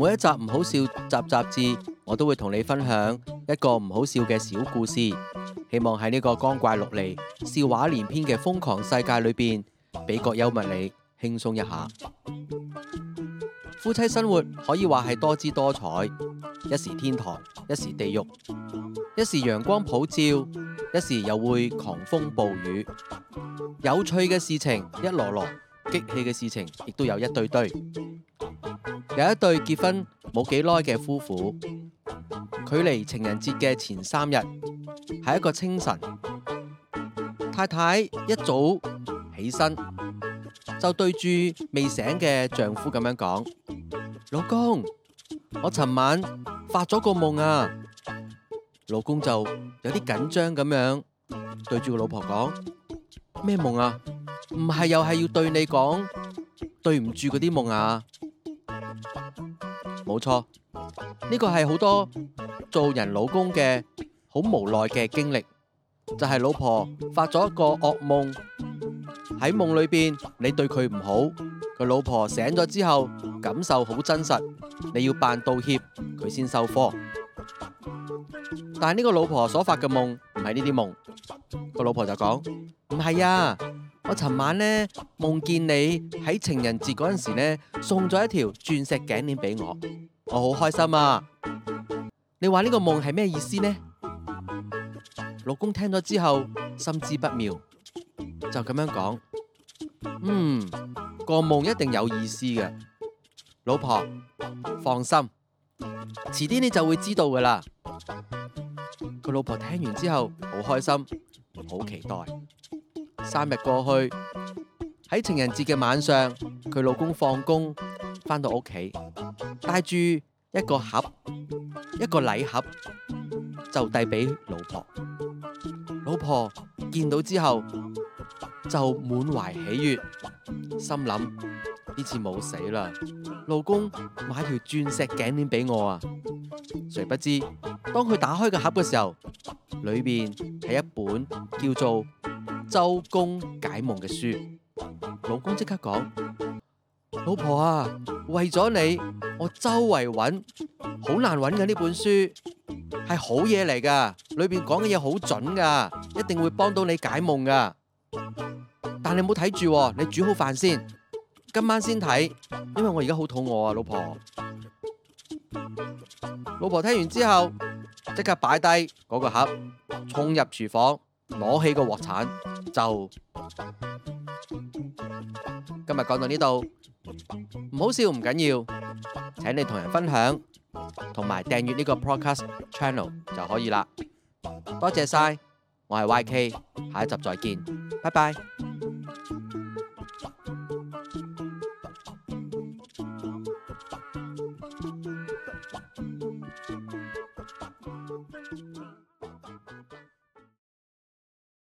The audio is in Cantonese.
每一集唔好笑集雜誌，我都會同你分享一個唔好笑嘅小故事，希望喺呢個光怪陸離、笑話連篇嘅瘋狂世界裏邊，俾個幽默你輕鬆一下。夫妻生活可以話係多姿多彩，一時天堂，一時地獄，一時陽光普照，一時又會狂風暴雨。有趣嘅事情一籮籮，激氣嘅事情亦都有一堆堆。有一對結婚冇幾耐嘅夫婦，距離情人節嘅前三日，係一個清晨，太太一早起身就對住未醒嘅丈夫咁樣講：「老公，我尋晚發咗個夢啊！老公就有啲緊張咁樣對住個老婆講：「咩夢啊？唔係又係要對你講對唔住嗰啲夢啊？冇錯，呢個係好多做人老公嘅好無奈嘅經歷，就係老婆發咗一個噩夢，喺夢裏邊你對佢唔好，個老婆醒咗之後感受好真實，你要扮道歉佢先收科，但係呢個老婆所發嘅夢唔係呢啲夢，個老婆就講唔係啊。我尋晚呢夢見你喺情人節嗰陣時呢送咗一條鑽石頸鏈俾我，我好開心啊！你話呢個夢係咩意思呢？老公聽咗之後心知不妙，就咁樣講：嗯，個夢一定有意思嘅。老婆放心，遲啲你就會知道噶啦。佢老婆聽完之後好開心，好期待。三日過去，喺情人節嘅晚上，佢老公放工返到屋企，帶住一個盒，一個禮盒，就遞俾老婆。老婆見到之後就滿懷喜悅，心諗呢次冇死啦，老公買條鑽石頸鏈俾我啊！誰不知當佢打開個盒嘅時候，裏面係一本叫做周公解夢嘅書，老公即刻講：老婆啊，為咗你，我周圍揾，好難揾嘅呢本書，係好嘢嚟噶，裏面講嘅嘢好準噶，一定會幫到你解夢噶。但你冇睇住，你煮好飯先，今晚先睇，因為我而家好肚餓啊，老婆。老婆聽完之後，即刻擺低嗰個盒，衝入廚房，攞起個鍋鏟。就今日講到呢度。唔好笑唔緊要，請你同人分享同埋訂閱呢個 Podcast Channel 就可以啦。多謝晒，我係 YK，下一集再見，拜拜。